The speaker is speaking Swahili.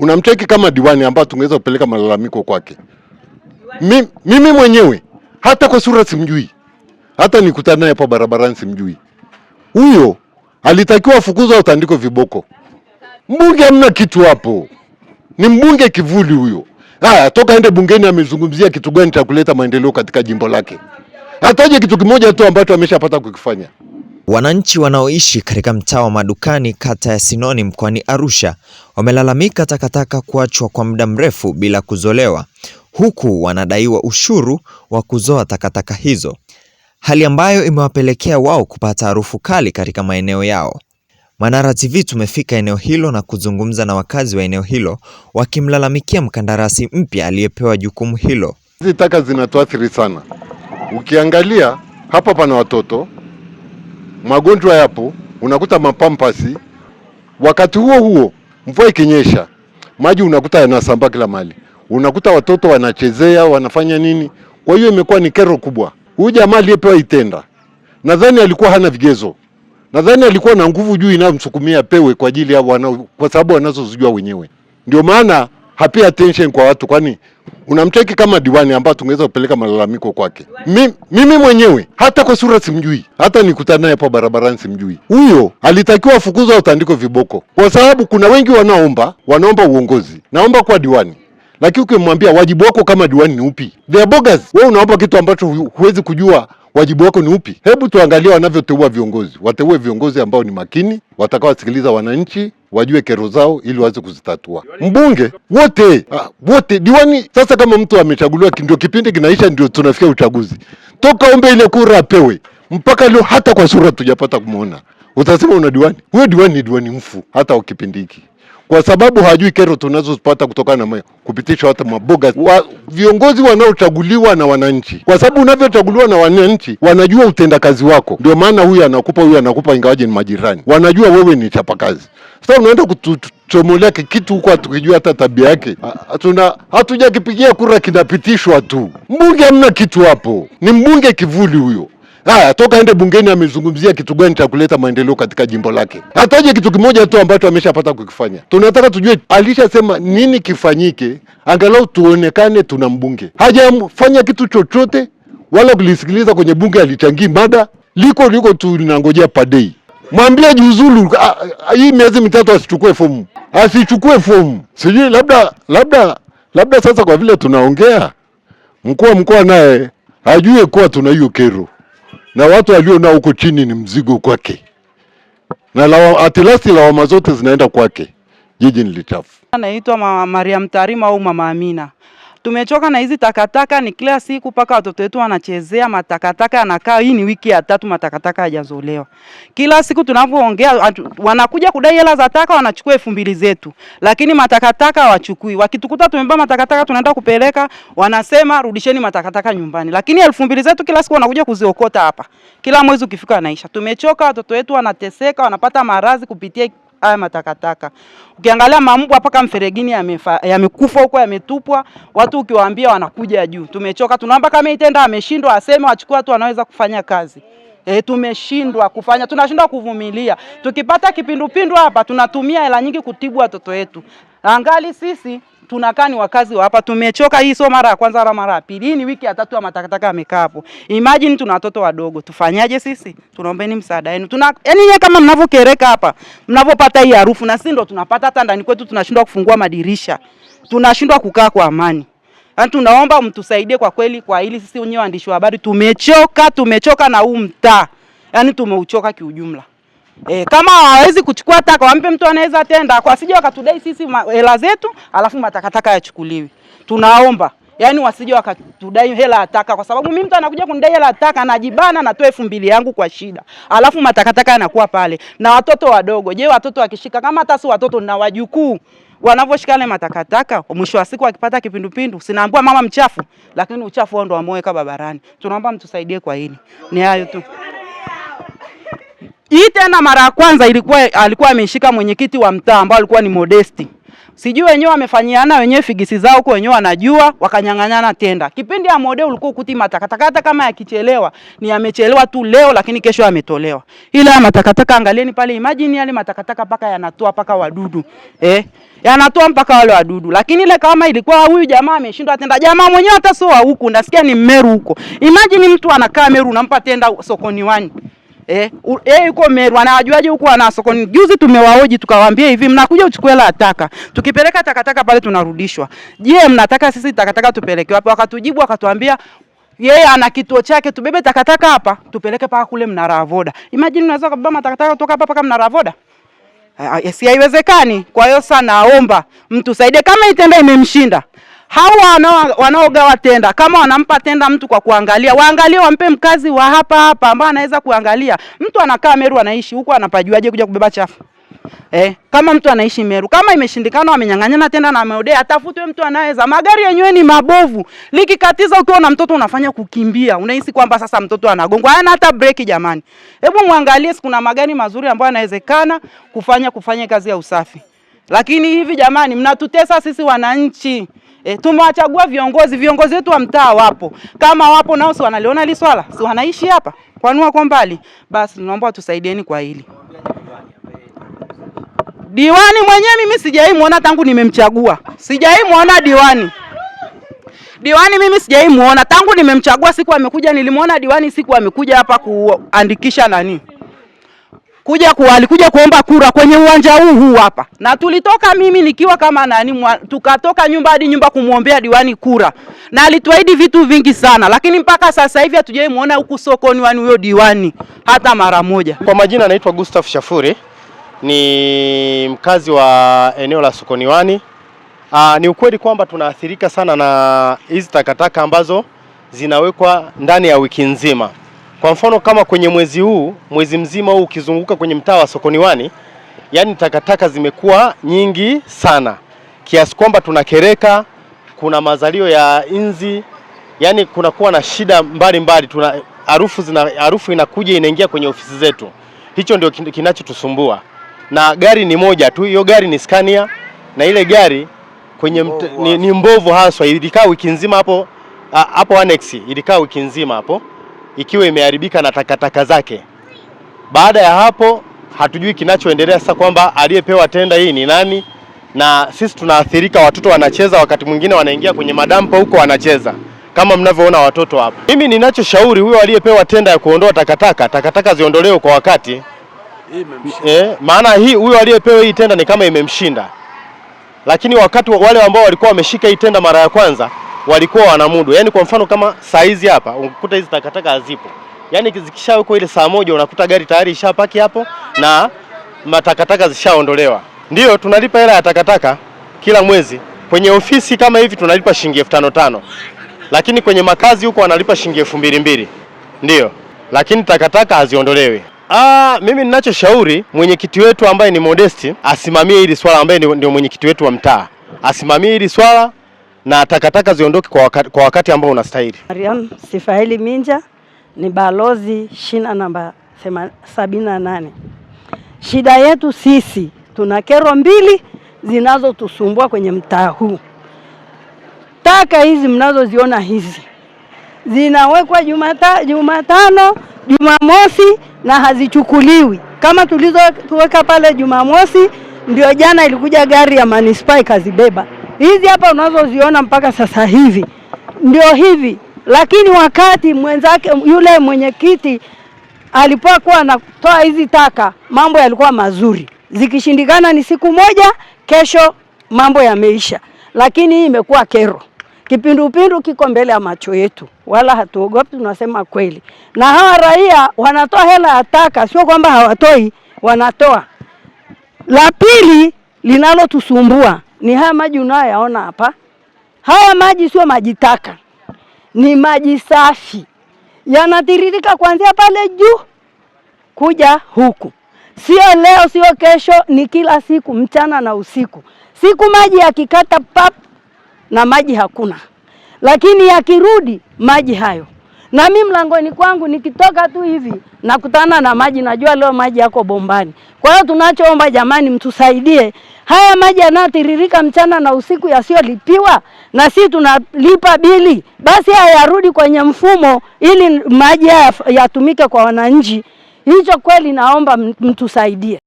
unamteki kama diwani ambao tungeweza kupeleka malalamiko kwake. Mi, mimi mwenyewe hata kwa sura simjui, hata nikutana naye hapo barabarani simjui. Huyo alitakiwa afukuzwe utandiko viboko. Mbunge hamna kitu hapo, ni mbunge kivuli huyo. Haya, toka ende bungeni, amezungumzia kitu gani cha kuleta maendeleo katika jimbo lake? Hataje kitu kimoja tu ambacho ameshapata kukifanya. Wananchi wanaoishi katika mtaa wa Madukani kata ya Sinoni mkoani Arusha wamelalamika takataka kuachwa kwa muda mrefu bila kuzolewa huku wanadaiwa ushuru wa kuzoa takataka hizo, hali ambayo imewapelekea wao kupata harufu kali katika maeneo yao. Manara TV tumefika eneo hilo na kuzungumza na wakazi wa eneo hilo wakimlalamikia mkandarasi mpya aliyepewa jukumu hilo. Hizi taka zinatuathiri sana, ukiangalia hapa pana watoto magonjwa yapo, unakuta mapampasi. Wakati huo huo mvua ikinyesha, maji unakuta yanasambaa kila mahali, unakuta watoto wanachezea wanafanya nini. Kwa hiyo imekuwa ni kero kubwa. Huyu jamaa aliyepewa Itenda nadhani alikuwa hana vigezo, nadhani alikuwa na nguvu juu inayomsukumia pewe kwa ajili ya wana, kwa sababu wanazozijua wenyewe, ndio maana hapi attention kwa watu, kwani unamcheki kama diwani ambaye tungeweza kupeleka malalamiko kwake. Mi, mimi mwenyewe hata kwa sura simjui, hata nikutana naye hapo barabarani simjui. Huyo alitakiwa afukuzwe, utandiko viboko, kwa sababu kuna wengi wanaomba wanaomba uongozi, naomba kuwa diwani lakini ukimwambia wajibu wako kama diwani ni upi? They are bogus. Wewe unaomba kitu ambacho huwezi kujua wajibu wako ni upi? Hebu tuangalie wanavyoteua viongozi, wateue viongozi ambao ni makini, watakaowasikiliza wananchi, wajue kero zao ili waweze kuzitatua. Mbunge wote ah, wote diwani. Sasa kama mtu amechaguliwa, ndio kipindi kinaisha, ndio tunafikia uchaguzi, toka ombe ile kura apewe. Mpaka leo hata kwa sura tujapata kumwona. Utasema una diwani? Huyo diwani ni diwani mfu, hata kwa kipindi hiki kwa sababu hajui kero tunazozipata kutokana na kupitishwa hata maboga wa, viongozi wanaochaguliwa na wananchi, kwa sababu unavyochaguliwa na wananchi wanajua utendakazi wako, ndio maana huyu anakupa huyu anakupa, ingawaje ni majirani, wanajua wewe ni chapakazi. Sasa unaenda kutuchomolea kitu huko hatukijua hata tabia yake, hatuna hatujakipigia kura, kinapitishwa tu. Mbunge hamna kitu hapo, ni mbunge kivuli huyo. Haya, toka aende bungeni amezungumzia kitu gani cha kuleta maendeleo katika jimbo lake? Hataje kitu kimoja tu ambacho ameshapata kukifanya. Tunataka tujue alishasema nini kifanyike, angalau tuonekane tuna mbunge. Hajafanya kitu chochote wala kulisikiliza kwenye bunge, alichangii mada liko liko, linangojea padei. Mwambie jiuzulu hii miezi mitatu, asichukue fomu, asichukue fomu. Sijui labda labda labda, sasa kwa vile tunaongea, mkuu wa mkoa naye ajue kuwa tuna hiyo kero na watu walionao huko chini ni mzigo kwake, na lawa, atilasi lawama zote zinaenda kwake. Jiji ni lichafu. Anaitwa Mama Mariam Tarima au Mama Amina. Tumechoka na hizi takataka, ni kila siku paka watoto wetu wanachezea matakataka, yanakaa hii ni wiki ya tatu matakataka hajazolewa. Kila siku tunavyoongea, wanakuja kudai hela za taka, wanachukua elfu mbili zetu, lakini matakataka hawachukui. Wakitukuta tumebeba matakataka tunaenda kupeleka, wanasema rudisheni matakataka nyumbani, lakini elfu mbili zetu kila siku wanakuja kuziokota hapa, kila mwezi ukifika anaisha. Tumechoka, watoto wetu wanateseka, wanapata maradhi kupitia haya matakataka. Ukiangalia mambwa paka mferegini yamekufa huko, yametupwa. Watu ukiwaambia wanakuja juu, tumechoka. Tunaomba kama itenda ameshindwa aseme, wachukue watu wanaweza kufanya kazi. E, tumeshindwa kufanya, tunashindwa kuvumilia. Tukipata kipindupindu hapa tunatumia hela nyingi kutibu watoto wetu, angali sisi tunakaa ni wakazi wa hapa, tumechoka. Hii sio mara ya kwanza wala mara ya pili, hii ni wiki ya tatu ya matakataka yamekaa hapo. Imagine tuna watoto wadogo, tufanyaje sisi? Tunaombeni msaada wenu. Tuna yani yeye kama mnavyokereka hapa, mnavyopata hii harufu, na sisi ndo tunapata hata ndani kwetu, tunashindwa kufungua madirisha, tunashindwa kukaa kwa amani. Yani tunaomba mtusaidie kwa kweli, kwa ili sisi wenyewe waandishi wa habari tumechoka, tumechoka na huu mtaa, yani tumeuchoka kiujumla. E, kama hawawezi kuchukua taka wampe mtu anaweza tenda, kwa sije wakatudai sisi hela zetu alafu matakataka yachukuliwe. Tunaomba yani wasije wakatudai hela ya taka, kwa sababu mimi mtu anakuja kunidai hela ya taka, anajibana natoa elfu mbili yangu kwa shida, alafu matakataka yanakuwa pale na watoto wadogo. Je, watoto wakishika kama hata si watoto na wajukuu wanavyoshika ile matakataka, mwisho wa siku akipata kipindupindu, sinaambua mama mchafu, lakini uchafu wao ndo wameweka barabarani. Tunaomba mtusaidie kwa hili. Ni hayo tu tena mara ya kwanza ilikuwa alikuwa ameshika mwenyekiti wa mtaa ambao alikuwa ni Modesti. Sijui wenyewe wamefanyiana wenyewe figisi zao huko wenyewe wanajua wakanyang'anyana tenda. Kipindi ya Mode ulikuwa ukuti hata kama yakichelewa ni yamechelewa tu leo lakini kesho yametolewa. Ila matakataka angalieni pale imagine yale matakataka paka yanatoa paka wadudu. Eh? Yanatoa mpaka wale wadudu. Lakini ile kama ilikuwa huyu jamaa ameshindwa tenda. Jamaa mwenyewe hata sio wa huku, nasikia ni Meru huko. Imagine mtu anakaa Meru unampa tenda sokoni wani. Eh, yeye eh, yuko Meru anawajuaje huko ana sokoni? Juzi tumewaoji tukawaambia hivi mnakuja uchukue la taka. Tukipeleka takataka pale tunarudishwa. Je, mnataka sisi takataka tupeleke wapi? Wakatujibu wakatuambia yeye ana kituo chake tubebe takataka hapa tupeleke paka kule Mnaravoda. Imagine unaweza kubeba matakataka kutoka hapa paka Mnaravoda. Ah, ah, si haiwezekani. Kwa hiyo sana naomba mtusaidie kama itenda imemshinda Hawa wanaogawa tenda, kama wanampa tenda mtu kwa kuangalia, waangalie wampe mkazi wa hapa hapa ambaye anaweza kuangalia. Mtu anakaa Meru anaishi huko, anapajuaje kuja kubeba chafu? Eh, kama mtu anaishi Meru, kama imeshindikana amenyang'anyana tenda na ameodea, atafutwe mtu anaweza. Magari yenyewe ni mabovu, likikatiza ukiwa na mtoto unafanya kukimbia, unahisi kwamba sasa mtoto anagongwa, hana hata breki. Jamani, hebu muangalie, kuna magari mazuri ambayo yanawezekana kufanya kufanya kazi ya usafi, lakini hivi jamani, mnatutesa sisi wananchi. E, tumewachagua viongozi, viongozi wetu wa mtaa wapo, kama wapo nao si wanaliona hili swala, si wanaishi hapa, kwanua kwa mbali? Basi tunaomba tusaidieni kwa hili. Diwani mwenyewe mimi sijai muona tangu nimemchagua, sijai muona diwani diwani mimi sijai muona tangu nimemchagua. Siku amekuja nilimwona diwani, siku amekuja hapa kuandikisha nani kuja ku, alikuja kuomba kura kwenye uwanja huu huu hapa, na tulitoka mimi nikiwa kama nani mwa, tukatoka nyumba hadi nyumba kumwombea diwani kura, na alituahidi vitu vingi sana, lakini mpaka sasa hivi muona huku sokoni wani huyo diwani hata mara moja. Kwa majina anaitwa Gustav Shafuri, ni mkazi wa eneo la sokoni wani. Aa, ni ukweli kwamba tunaathirika sana na hizi takataka ambazo zinawekwa ndani ya wiki nzima. Kwa mfano kama kwenye mwezi huu, mwezi mzima huu ukizunguka kwenye mtaa wa Sokoniwani, yani takataka zimekuwa nyingi sana kiasi kwamba tunakereka, kuna mazalio ya inzi, yani kunakuwa na shida mbalimbali, tuna harufu zina harufu inakuja inaingia kwenye ofisi zetu. Hicho ndio kinachotusumbua, na gari ni moja tu, hiyo gari ni Scania, na ile gari kwenye mbovu, ni, ni mbovu haswa, ilikaa wiki nzima hapo hapo annex, ilikaa wiki nzima hapo ikiwa imeharibika na takataka zake. Baada ya hapo, hatujui kinachoendelea sasa, kwamba aliyepewa tenda hii ni nani, na sisi tunaathirika. Watoto wanacheza, wakati mwingine wanaingia kwenye madampo huko wanacheza kama mnavyoona watoto hapa. Mimi ninachoshauri huyo aliyepewa tenda ya kuondoa takataka, takataka ziondolewe kwa wakati eh, maana hii huyo aliyepewa hii tenda ni kama imemshinda, lakini wakati wale ambao walikuwa wameshika hii tenda mara ya kwanza walikuwa wanamudu. Yaani kwa mfano kama saa hizi hapa unakuta hizi takataka hazipo, yaani zikishawekwa ile saa moja unakuta gari tayari ishapaki hapo na matakataka zishaondolewa. Ndio tunalipa hela ya takataka kila mwezi. Kwenye ofisi kama hivi tunalipa shilingi elfu tano tano, lakini kwenye makazi huko wanalipa shilingi elfu mbili mbili. Ndiyo, lakini takataka haziondolewi. Ah, mimi ninachoshauri mwenyekiti wetu ambaye ni Modesti asimamie hili swala, ambaye ndio mwenyekiti wetu wa mtaa asimamie hili swala na takataka ziondoke kwa wakati, kwa wakati ambao unastahili. Mariam Sifaeli Minja ni balozi shina namba 78. Shida yetu sisi tuna kero mbili zinazotusumbua kwenye mtaa huu. Taka hizi mnazoziona hizi zinawekwa Jumata, Jumatano, Jumamosi na hazichukuliwi kama tulizoweka pale Jumamosi. Ndio jana ilikuja gari ya manispaa ikazibeba hizi hapa unazoziona mpaka sasa hivi ndio hivi, lakini wakati mwenzake yule mwenyekiti alipokuwa anatoa hizi taka mambo yalikuwa mazuri, zikishindikana ni siku moja, kesho mambo yameisha. Lakini hii imekuwa kero, kipindupindu kiko mbele ya macho yetu, wala hatuogopi, tunasema kweli. Na hawa raia wanatoa hela ya taka, sio kwamba hawatoi, wanatoa. La pili linalotusumbua ni haya maji unayoyaona hapa. Haya maji sio maji taka, ni maji safi yanatiririka kuanzia pale juu kuja huku. Sio leo, sio kesho, ni kila siku, mchana na usiku. Siku maji yakikata pap na maji hakuna, lakini yakirudi maji hayo na mimi mlangoni kwangu nikitoka tu hivi nakutana na maji, najua leo maji yako bombani. Kwa hiyo tunachoomba jamani, mtusaidie haya maji yanayotiririka mchana na usiku yasiyolipiwa, na si tunalipa bili, basi haya yarudi kwenye mfumo ili maji haya yatumike kwa wananchi. Hicho kweli, naomba mtusaidie.